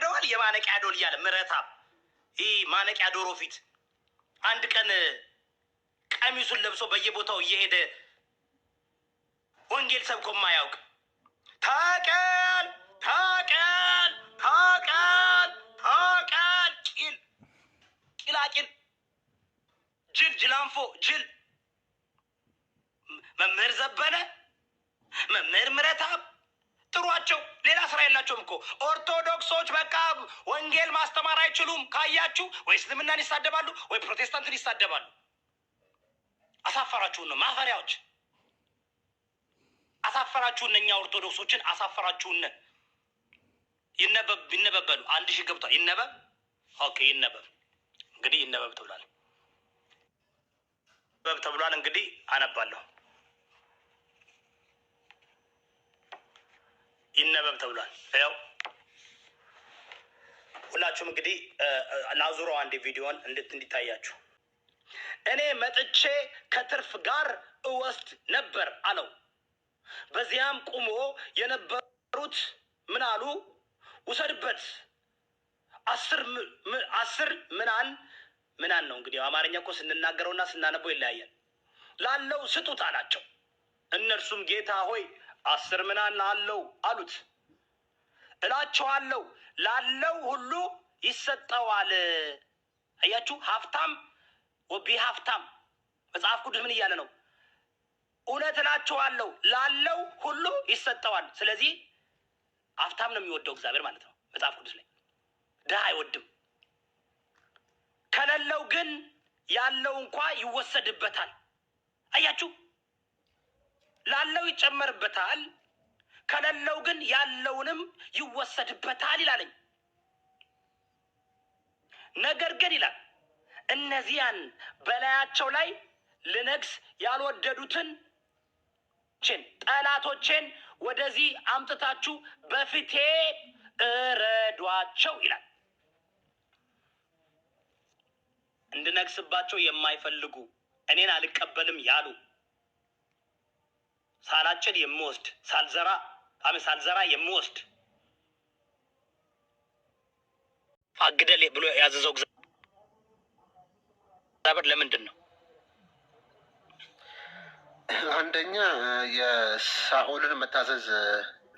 የማነቂያ ደወል የማነቂያ ደወል እያለ ምረታም ይህ ማነቂያ ዶሮ ፊት አንድ ቀን ቀሚሱን ለብሶ በየቦታው እየሄደ ወንጌል ሰብኮ ማያውቅ ታቀል ታቀል ታቀል ታቀል ቂል ቂላቂል ጅል ጅላንፎ ጅል መምህር ዘበነ መምህር ምረታም ጥሯቸው። ሌላ ስራ የላቸውም እኮ ኦርቶዶክሶች። በቃ ወንጌል ማስተማር አይችሉም ካያችሁ፣ ወይ እስልምናን ይሳደባሉ፣ ወይ ፕሮቴስታንትን ይሳደባሉ። አሳፈራችሁን ነው ማፈሪያዎች፣ አሳፈራችሁን። እኛ ኦርቶዶክሶችን አሳፈራችሁን። ይነበብ ይነበበሉ አንድ ሺህ ገብቷል። ይነበብ ኦኬ፣ ይነበብ እንግዲህ ይነበብ ተብሏል። በብ ተብሏል እንግዲህ አነባለሁ። ይነበብ ተብሏል። ያው ሁላችሁም እንግዲህ ላዙረው አንድ ቪዲዮን እንድት እንዲታያችሁ እኔ መጥቼ ከትርፍ ጋር እወስድ ነበር አለው። በዚያም ቁሞ የነበሩት ምን አሉ? ውሰድበት አስር ምናን ምናን ነው እንግዲህ አማርኛ እኮ ስንናገረውና ስናነበው ይለያያል። ላለው ስጡት አላቸው። እነርሱም ጌታ ሆይ አስር ምናን አለው አሉት። እላቸዋለሁ ላለው ሁሉ ይሰጠዋል። አያችሁ፣ ሀብታም ወቢ ሀብታም መጽሐፍ ቅዱስ ምን እያለ ነው? እውነት እላችኋለሁ ላለው ሁሉ ይሰጠዋል። ስለዚህ ሀብታም ነው የሚወደው እግዚአብሔር ማለት ነው። መጽሐፍ ቅዱስ ላይ ድሃ አይወድም። ከሌለው ግን ያለው እንኳ ይወሰድበታል። አያችሁ ላለው ይጨመርበታል፣ ከሌለው ግን ያለውንም ይወሰድበታል ይላለኝ። ነገር ግን ይላል እነዚያን በላያቸው ላይ ልነግስ ያልወደዱትን ችን ጠላቶቼን ወደዚህ አምጥታችሁ በፊቴ እረዷቸው ይላል። እንድነግስባቸው የማይፈልጉ እኔን አልቀበልም ያሉ ሳላጭድ የምወስድ ሳልዘራ ሳልዘራ የምወስድ አግደል ብሎ ያዘዘው እግዚአብሔር ለምንድን ነው? አንደኛ የሳኦልን መታዘዝ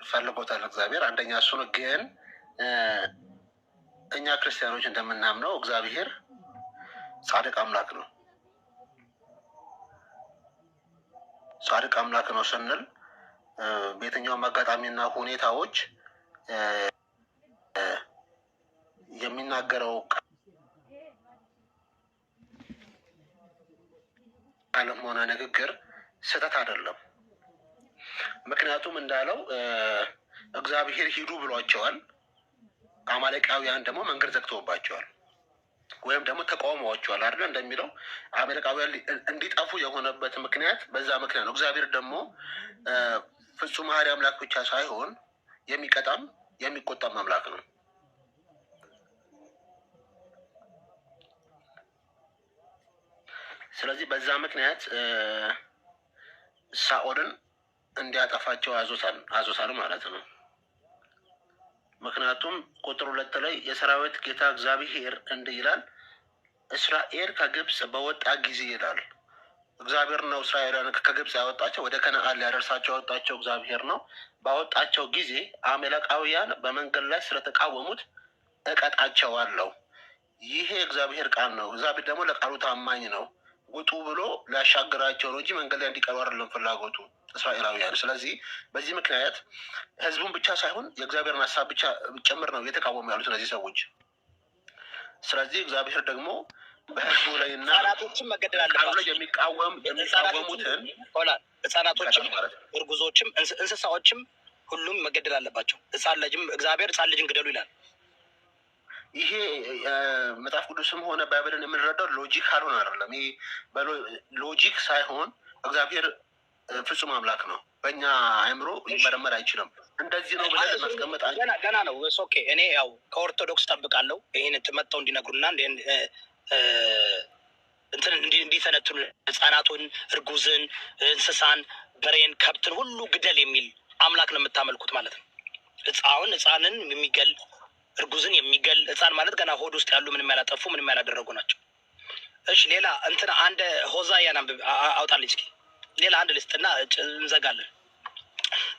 ፈልጎታል እግዚአብሔር። አንደኛ እሱን ግን እኛ ክርስቲያኖች እንደምናምነው እግዚአብሔር ጻድቅ አምላክ ነው። ጻድቅ አምላክ ነው ስንል በየትኛውም አጋጣሚና ሁኔታዎች የሚናገረው ቃልም ሆነ ንግግር ስህተት አይደለም። ምክንያቱም እንዳለው እግዚአብሔር ሂዱ ብሏቸዋል። አማሌቃውያን ደግሞ መንገድ ዘግተውባቸዋል። ወይም ደግሞ ተቃውሞዎችዋል አይደለ እንደሚለው አሜሪካውያን እንዲጠፉ የሆነበት ምክንያት በዛ ምክንያት ነው። እግዚአብሔር ደግሞ ፍጹም ሀሪ አምላክ ብቻ ሳይሆን የሚቀጣም የሚቆጣም አምላክ ነው። ስለዚህ በዛ ምክንያት ሳኦልን እንዲያጠፋቸው አዞታል አዞታል ማለት ነው። ምክንያቱም ቁጥር ሁለት ላይ የሰራዊት ጌታ እግዚአብሔር እንዲህ ይላል እስራኤል ከግብፅ በወጣ ጊዜ ይላል። እግዚአብሔር ነው እስራኤልን ከግብፅ ያወጣቸው፣ ወደ ከነአን ሊያደርሳቸው ያወጣቸው እግዚአብሔር ነው። ባወጣቸው ጊዜ አማሌቃውያን በመንገድ ላይ ስለተቃወሙት እቀጣቸዋለሁ። ይሄ እግዚአብሔር ቃል ነው። እግዚአብሔር ደግሞ ለቃሉ ታማኝ ነው። ውጡ ብሎ ሊያሻግራቸው ነው እንጂ መንገድ ላይ እንዲቀሩ አይደለም ፍላጎቱ እስራኤላውያን። ስለዚህ በዚህ ምክንያት ህዝቡን ብቻ ሳይሆን የእግዚአብሔርን ሀሳብ ብቻ ጭምር ነው እየተቃወሙ ያሉት እነዚህ ሰዎች። ስለዚህ እግዚአብሔር ደግሞ በህዝቡ ላይ እና ህጻናቶችም መገደል አለባቸው የሚቃወም የሚቃወሙትን ህጻናቶችም፣ እርጉዞችም፣ እንስሳዎችም ሁሉም መገደል አለባቸው። ህጻን ልጅም እግዚአብሔር ህጻን ልጅን ግደሉ ይላል። ይሄ መጽሐፍ ቅዱስም ሆነ ባይብልን የምንረዳው ሎጂክ አልሆን አይደለም። ይሄ ሎጂክ ሳይሆን እግዚአብሔር ፍጹም አምላክ ነው። በእኛ አእምሮ ሊመረመር አይችልም። እንደዚህ ነው ብለን ማስቀመጥ ገና ነው። ኦኬ እኔ ያው ከኦርቶዶክስ ጠብቃለሁ ይህን መጥተው እንዲነግሩና እንትን እንዲተነትኑ ህፃናቱን፣ እርጉዝን፣ እንስሳን፣ በሬን፣ ከብትን ሁሉ ግደል የሚል አምላክ ነው የምታመልኩት ማለት ነው። አሁን ህፃንን የሚገል እርጉዝን የሚገል ህፃን ማለት ገና ሆድ ውስጥ ያሉ ምንም ያላጠፉ ምንም ያላደረጉ ናቸው። እሺ ሌላ እንትን አንድ ሆዛያን አውጣልኝ እስኪ ሌላ አንድ ልስትና እንዘጋለን።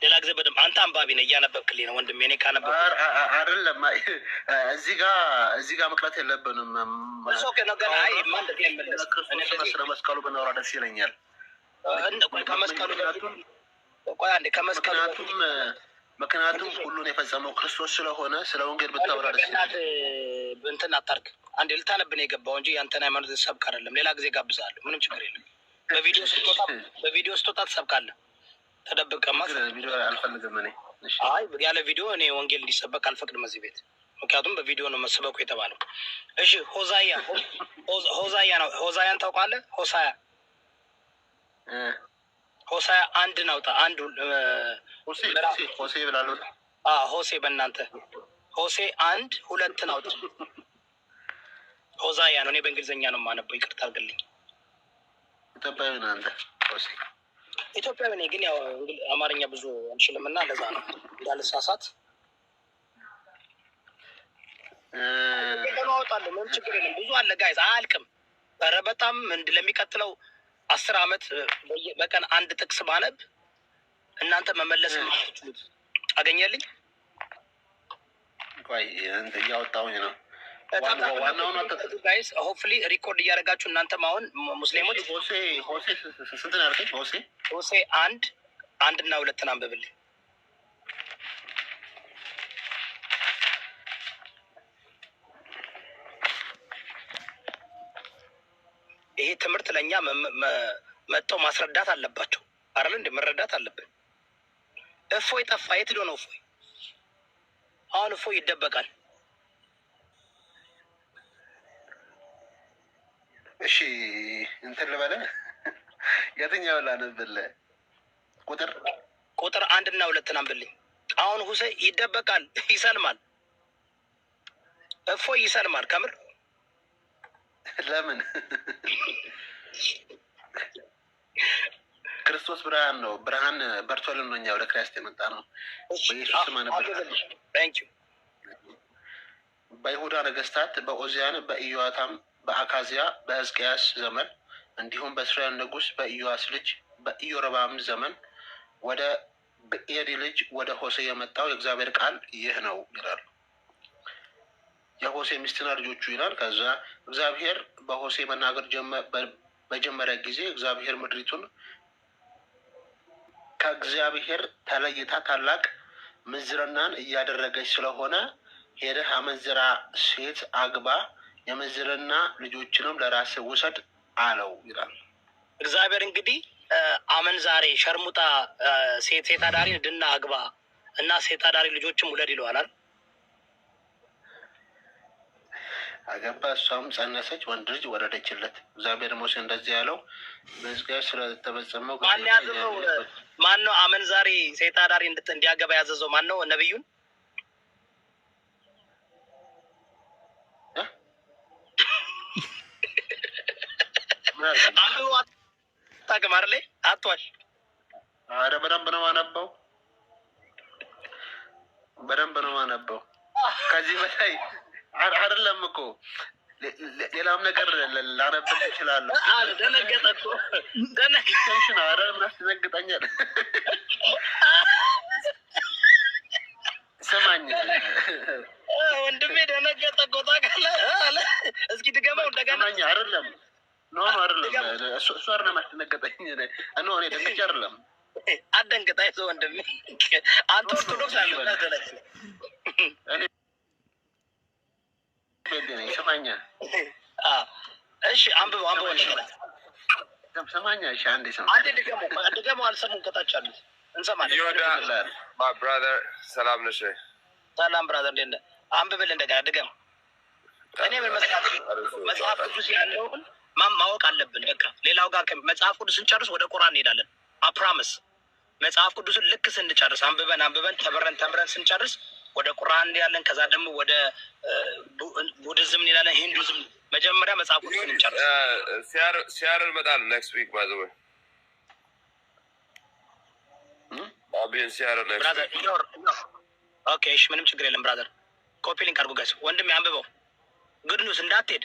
ሌላ ጊዜ በደንብ አንተ አንባቢ ነህ እያነበብክልኝ ነው ወንድሜ። እኔ ካነበብ አይደለም እዚህ ጋ እዚህ ጋ መቅረት የለብንም። ስለ መስቀሉ ብናወራ ደስ ይለኛል። ከመስቀሉ ቆይ አንዴ ከመስቀሉ ምክንያቱም ሁሉን የፈጸመው ክርስቶስ ስለሆነ ስለ ወንጌል ብታወራ ደስ ይላል። እንትን አታርግ። አንዴ ልታነብን የገባው እንጂ ያንተን ሃይማኖት ሰብክ አይደለም። ሌላ ጊዜ ጋብዛለሁ። ምንም ችግር የለም። በቪዲዮ ስትወጣ ትሰብካለህ። ተደብቀማ አልፈልግም እኔ። አይ ያለ ቪዲዮ እኔ ወንጌል እንዲሰበክ አልፈቅድም እዚህ ቤት። ምክንያቱም በቪዲዮ ነው መስበኩ የተባለው። እሺ ሆዛያ ሆዛያ ነው። ሆዛያን ታውቃለህ? ሆሳያ ሆሳ አንድ ናውጣ አንዱ ሆሴ ብላለ ሆሴ በእናንተ ሆሴ አንድ ሁለት ናውጣ። ሆዛያ ነው። እኔ በእንግሊዝኛ ነው የማነበው። ይቅርታ አድርግልኝ። ኢትዮጵያዊ ነህ አንተ? ኢትዮጵያዊ ነኝ፣ ግን ያው አማርኛ ብዙ አንችልም እና ለዛ ነው እንዳልሳሳት አወጣለሁ። ምንም ችግር የለም። ብዙ አለ ጋይዝ፣ አያልቅም። ኧረ በጣም ለሚቀጥለው አስር አመት በቀን አንድ ጥቅስ ማነብ እናንተ መመለስ የምትችሉት አገኘልኝ። እያወጣሁኝ ነው። ጋይስ ሆፕፍሊ ሪኮርድ እያደረጋችሁ እናንተም አሁን ሙስሊሞች ሆሴ አንድ አንድና ሁለትን አንብብልኝ ይሄ ትምህርት ለእኛ መጥተው ማስረዳት አለባቸው። አረል እንደ መረዳት አለብን። እፎይ ጠፋ። የት ሄዶ ነው እፎይ? አሁን እፎይ ይደበቃል። እሺ እንትን ልበለ የትኛው ላነብልህ? ቁጥር ቁጥር አንድና ሁለትን አንብልኝ። አሁን ሁሴ ይደበቃል፣ ይሰልማል። እፎይ ይሰልማል ከምር ለምን? ክርስቶስ ብርሃን ነው። ብርሃን በርቶልን ነው እኛ ወደ ክራይስት የመጣ ነው። በይሁዳ ነገስታት በኦዚያን በኢዮአታም በአካዚያ በሕዝቅያስ ዘመን እንዲሁም በእስራኤል ንጉስ በኢዮአስ ልጅ በኢዮረባም ዘመን ወደ ብኤሪ ልጅ ወደ ሆሴ የመጣው የእግዚአብሔር ቃል ይህ ነው ይላሉ። የሆሴ ሚስትና ልጆቹ ይላል። ከዛ እግዚአብሔር በሆሴ መናገር በጀመረ ጊዜ እግዚአብሔር ምድሪቱን ከእግዚአብሔር ተለይታ ታላቅ ምንዝርናን እያደረገች ስለሆነ ሄደህ አመንዝራ ሴት አግባ፣ የምንዝርና ልጆችንም ለራስ ውሰድ አለው ይላል። እግዚአብሔር እንግዲህ አመንዛሬ ሸርሙጣ ሴት ሴት አዳሪ ድና አግባ እና ሴት አዳሪ ልጆችም ውለድ ይለዋላል። አገባ፣ እሷም ጸነሰች፣ ወንድ ልጅ ወረደችለት። እግዚአብሔር ሙሴ እንደዚህ ያለው በሕዝቅኤል ስለተፈጸመው። ማን ያዘዘው? ማን ነው አመንዛሪ ሴት አዳሪ እንዲያገባ ያዘዘው? ማን ነው? ነቢዩን አታውቅም አይደል? አቷል። አረ በደንብ ነው ማነበው፣ በደንብ ነው ማነበው ከዚህ በላይ አይደለም እኮ ሌላም ነገር ላነብብ እችላለሁ። ደነገጠ እኮ ደነገሽን። ኧረ ምን አስደነግጠኛል። ስማኝ ወንድሜ፣ ደነገጠ እኮ ታውቃለህ እስኪ ድገመው እንደገና። አይደለም ኖ ኖ፣ አይደለም እሱ አይደለም አስደነገጠኝ። ኖ እኔ ደንግጬ አይደለም። አትደንግጥ፣ አይዞህ ወንድሜ፣ አንተ ኦርቶዶክስ አለ ስማኛ፣ እሺ፣ አንብበው አንብበው እንደገና እሺ፣ አንዴ ስማ፣ አንዴ ድገሙ፣ ድገሙ። አልሰሙም፣ ከታች አሉት እንሰማለን። ብራዘር፣ ሰላም ነሽ? ሰላም ብራዘር፣ እንዴት አንብብል እንደገና ድገም። እኔ ምን መጽሐፍ ቅዱስ ያለውን ማወቅ አለብን። በቃ ሌላው ጋር መጽሐፍ ቅዱስ ስንጨርስ ወደ ቁርአን እንሄዳለን። አፕራምስ መጽሐፍ ቅዱስን ልክ ስንጨርስ አንብበን አንብበን ተምረን ተምረን ስንጨርስ ወደ ቁርአን እንሄዳለን። ከዛ ደግሞ ወደ ቡድዝም እንሄዳለን፣ ሂንዱዝም። መጀመሪያ መጽሐፍ ቅዱስን እንጨርስ። ሲያር እንመጣለን። ኔክስት ዊክ ባይ ዘ ወይ አብየን ሲያር ኔክስት ኦኬ። እሺ ምንም ችግር የለም ብራዘር። ኮፒ ሊንክ አድርጉ ጋይስ። ወንድም ያንብበው። ግድ ኒውስ እንዳትሄድ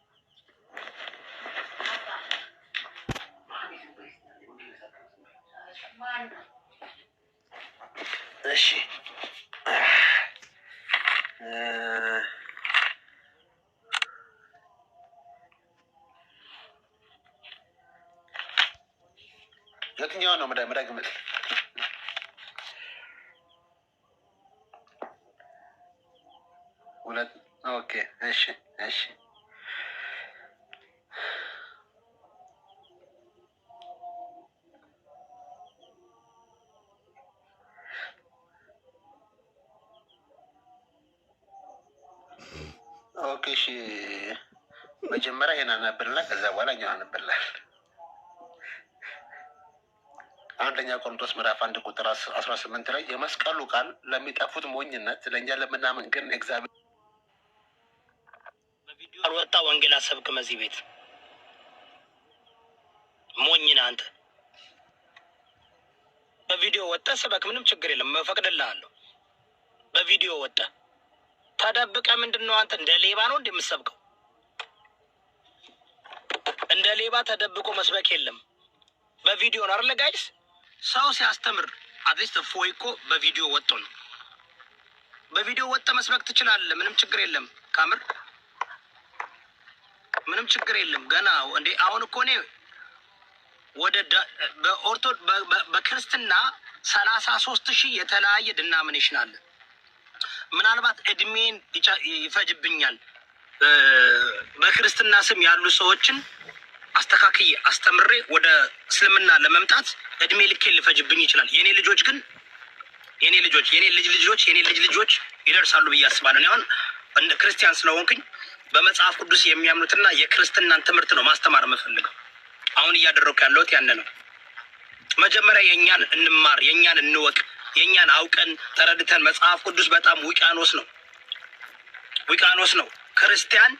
እሺ የትኛው ነው ምዳግምት? ሁለት ኦኬ። እሺ እሺ ሳወቅሽ መጀመሪያ ይሄን አናብርና ከዛ በኋላ እኛ አንብላል። አንደኛ ቆሮንቶስ ምዕራፍ አንድ ቁጥር አስራ ስምንት ላይ የመስቀሉ ቃል ለሚጠፉት ሞኝነት፣ ለእኛ ለምናምን ግን እግዚአብሔር በቪዲዮ አልወጣ ወንጌል አሰብክ መዚህ ቤት ሞኝ ነህ አንተ። በቪዲዮ ወጠ ስበክ ምንም ችግር የለም፣ መፈቅድልሃለሁ። በቪዲዮ ወጠ ተደብቀ ምንድን ነው አንተ እንደ ሌባ ነው እንደምሰብከው? እንደ ሌባ ተደብቆ መስበክ የለም። በቪዲዮ ነው አይደለ ጋይስ? ሰው ሲያስተምር አትሊስት እፎይ እኮ በቪዲዮ ወጥቶ ነው። በቪዲዮ ወጥተ መስበክ ትችላለህ። ምንም ችግር የለም። ካምር ምንም ችግር የለም። ገና እንዴ አሁን እኮ እኔ ወደ በኦርቶ በክርስትና ሰላሳ ሶስት ሺህ የተለያየ ድናምኔሽን አለን ምናልባት እድሜን ይፈጅብኛል በክርስትና ስም ያሉ ሰዎችን አስተካክዬ አስተምሬ ወደ እስልምና ለመምጣት እድሜ ልኬ ሊፈጅብኝ ይችላል። የኔ ልጆች ግን የኔ ልጆች የኔ ልጅ ልጆች የኔ ልጅ ልጆች ይደርሳሉ ብዬ አስባለሁ። አሁን እንደ ክርስቲያን ስለሆንክኝ በመጽሐፍ ቅዱስ የሚያምኑትና የክርስትናን ትምህርት ነው ማስተማር የምፈልገው። አሁን እያደረኩ ያለሁት ያን ነው። መጀመሪያ የእኛን እንማር፣ የእኛን እንወቅ። የእኛን አውቀን ተረድተን መጽሐፍ ቅዱስ በጣም ውቅያኖስ ነው፣ ውቅያኖስ ነው። ክርስቲያን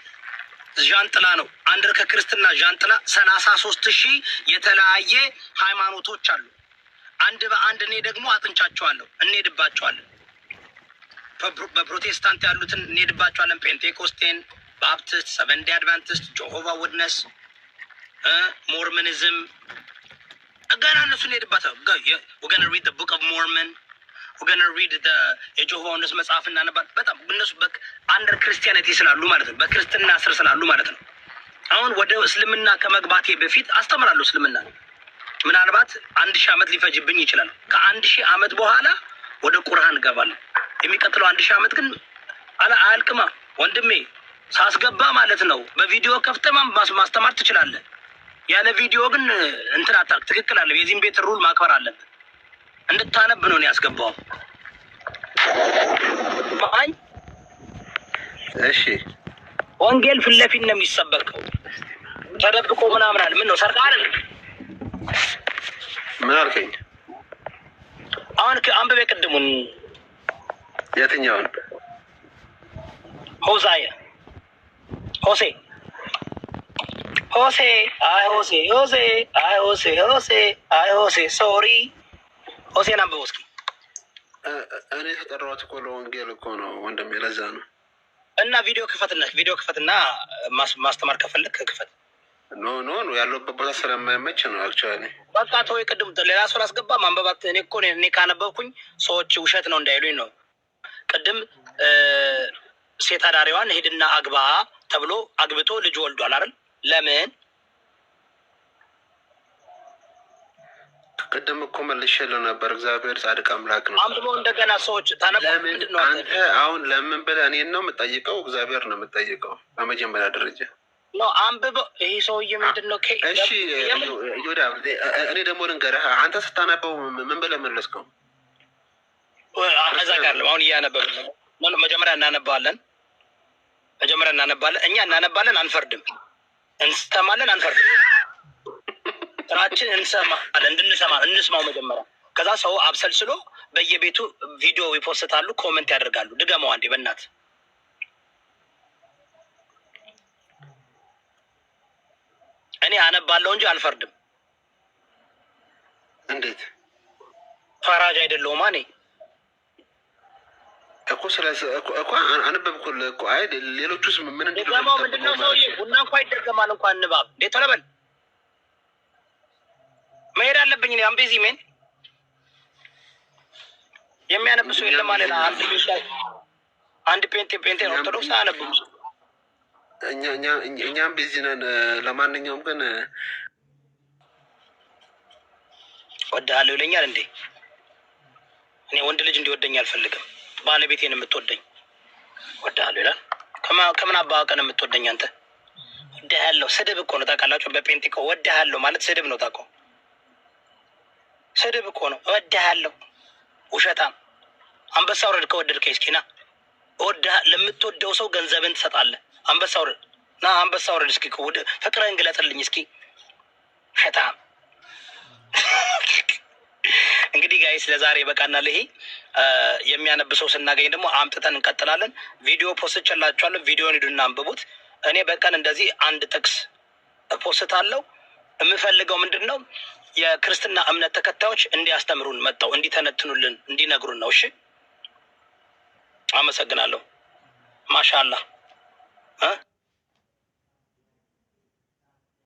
ዣንጥላ ነው። አንድ ከክርስትና ዣንጥላ ሰላሳ ሶስት ሺህ የተለያየ ሃይማኖቶች አሉ። አንድ በአንድ እኔ ደግሞ አጥንቻቸዋለሁ፣ እንሄድባቸዋለን። በፕሮቴስታንት ያሉትን እንሄድባቸዋለን። ፔንቴኮስቴን፣ ባፕቲስት፣ ሰቨንዴ አድቫንቲስት፣ ጆሆቫ ውድነስ፣ ሞርሚኒዝም ገና እነሱ እንሄድባት ወገነ ሪድ ቡክ ኦፍ ሞርመን ወገነ ሪድ የጆሆ እነሱ መጽሐፍ እናነባል። በጣም እነሱ አንደር ክርስቲያኒቲ ስላሉ ማለት ነው፣ በክርስትና ስር ስላሉ ማለት ነው። አሁን ወደ እስልምና ከመግባቴ በፊት አስተምራለሁ። እስልምና ምናልባት አንድ ሺህ ዓመት ሊፈጅብኝ ይችላል። ከአንድ ሺህ ዓመት በኋላ ወደ ቁርሃን እገባለሁ። የሚቀጥለው አንድ ሺህ ዓመት ግን አላ አያልቅማ ወንድሜ፣ ሳስገባ ማለት ነው። በቪዲዮ ከፍተህ ማስተማር ትችላለህ። ያለ ቪዲዮ ግን እንትን አታውቅም። ትክክል አለ። የዚህም ቤት ሩል ማክበር አለብን። እንድታነብ ነው ያስገባው። ማኝ እሺ፣ ወንጌል ፊት ለፊት ነው የሚሰበከው። ተደብቆ ምናምን አለ። ምን ነው አለ። ምን አልከኝ? አሁን አንብቤ ቅድሙን የትኛውን? ሆሳያ ሆሴ ሆሴ አይ ሆሴ ሆሴ አይ ሆሴ ሆሴ አይ ሆሴ ሶሪ ሆሴን አንብበው እስኪ። እኔ የተጠራሁት እኮ ለወንጌል እኮ ነው ወንድሜ፣ ለዛ ነው። እና ቪዲዮ ክፈትና ቪዲዮ ክፈትና ማስተማር ከፈለግ ክፈት። ኖ ኖ ኖ ያለበት ቦታ ስለማይመች ነው። አክቹዋሊ በቃ ተወው። ቅድም ሌላ ሰው አስገባ ማንበባት። እኔ እኮ እኔ ካነበብኩኝ ሰዎች ውሸት ነው እንዳይሉኝ ነው። ቅድም ሴት አዳሪዋን ሄድና አግባ ተብሎ አግብቶ ልጅ ወልዷል አይደል? ለምን? ቅድም እኮ መልሼልህ ነበር። እግዚአብሔር ጻድቅ አምላክ ነው። አንብቦ እንደገና ሰዎች ታነለምን አንተ አሁን ለምን ብለህ እኔን ነው የምጠይቀው? እግዚአብሔር ነው የምጠይቀው በመጀመሪያ ደረጃ ነው አንብበ ይሄ ሰውዬ ምንድን ነው? እሺ ይሁዳ፣ እኔ ደግሞ ልንገርህ፣ አንተ ስታነበው ምን ብለህ መለስከው? አነዛጋለም አሁን እያነበብ መጀመሪያ እናነባለን። መጀመሪያ እናነባለን። እኛ እናነባለን፣ አንፈርድም። እንሰማለን፣ አንፈርድም። ጥራችን እንሰማለን፣ እንድንሰማ እንስማው መጀመሪያ። ከዛ ሰው አብሰልስሎ በየቤቱ ቪዲዮ ይፖስታሉ፣ ኮመንት ያደርጋሉ። ድገመው አንዴ በእናት እኔ አነባለው እንጂ አልፈርድም። እንዴት ፈራጅ አይደለሁማ እኔ እኮ ስለ እኮ አንበብኩልህ እኮ። አይ ሌሎቹ ስ ምን ድገማው ምንድን ነው? ሰውዬ ቡና እንኳ ይደገማል። እንኳን ንባብ እንዴት ተለበል መሄድ አለብኝ። እኔ አምቤዚ ሜን የሚያነብሱ የለም ማለት አንድ ፔንቴ ፔንቴ ኦርቶዶክስ አያነብም። እኛ እኛ እኛም ቢዚ ነን። ለማንኛውም ግን ወድሃለሁ ይለኛል እንዴ? እኔ ወንድ ልጅ እንዲወደኝ አልፈልግም። ባለቤቴን የምትወደኝ ወዳሉ ይላል። ከምን አባዋ ቀን የምትወደኝ አንተ ወዳሃለሁ። ስድብ እኮ ነው ታውቃላችሁ። በጴንጤ እኮ ወዳሃለሁ ማለት ስድብ ነው። ታውቀው ስድብ እኮ ነው። እወዳሃለሁ ውሸታም አንበሳ ውረድ። ከወደድከ እስኪና ለምትወደው ሰው ገንዘብን ትሰጣለህ። አንበሳ ውረድ ና አንበሳ ውረድ። እስኪ ፍቅረን ግለጽልኝ እስኪ ውሸታም እንግዲህ ጋይስ ለዛሬ በቃናል። ይሄ የሚያነብ ሰው ስናገኝ ደግሞ አምጥተን እንቀጥላለን። ቪዲዮ ፖስት ችላችኋለሁ። ቪዲዮን ሂዱና አንብቡት። እኔ በቀን እንደዚህ አንድ ጥቅስ ፖስት አለው። የምፈልገው ምንድን ነው የክርስትና እምነት ተከታዮች እንዲያስተምሩን መጥተው እንዲተነትኑልን እንዲነግሩን ነው። እሺ፣ አመሰግናለሁ። ማሻአላህ